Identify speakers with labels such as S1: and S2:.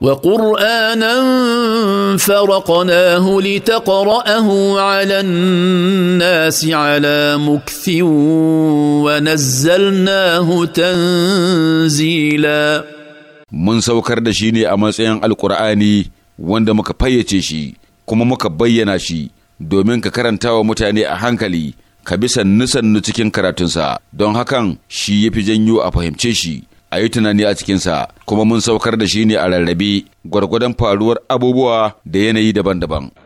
S1: وقرانا فرقناه لتقراه على الناس على مكث ونزلناه تنزيلا
S2: mun saukar da shi ne a matsayin alkur'ani wanda muka fayyace shi kuma muka bayyana shi domin ka karanta wa mutane a hankali ka bi sannu sannu cikin karatunsa don hakan shi ya fi janyo a fahimce shi a yi tunani a cikinsa kuma mun saukar da shi ne a rarrabe gwargwadon faruwar abubuwa da yanayi daban-daban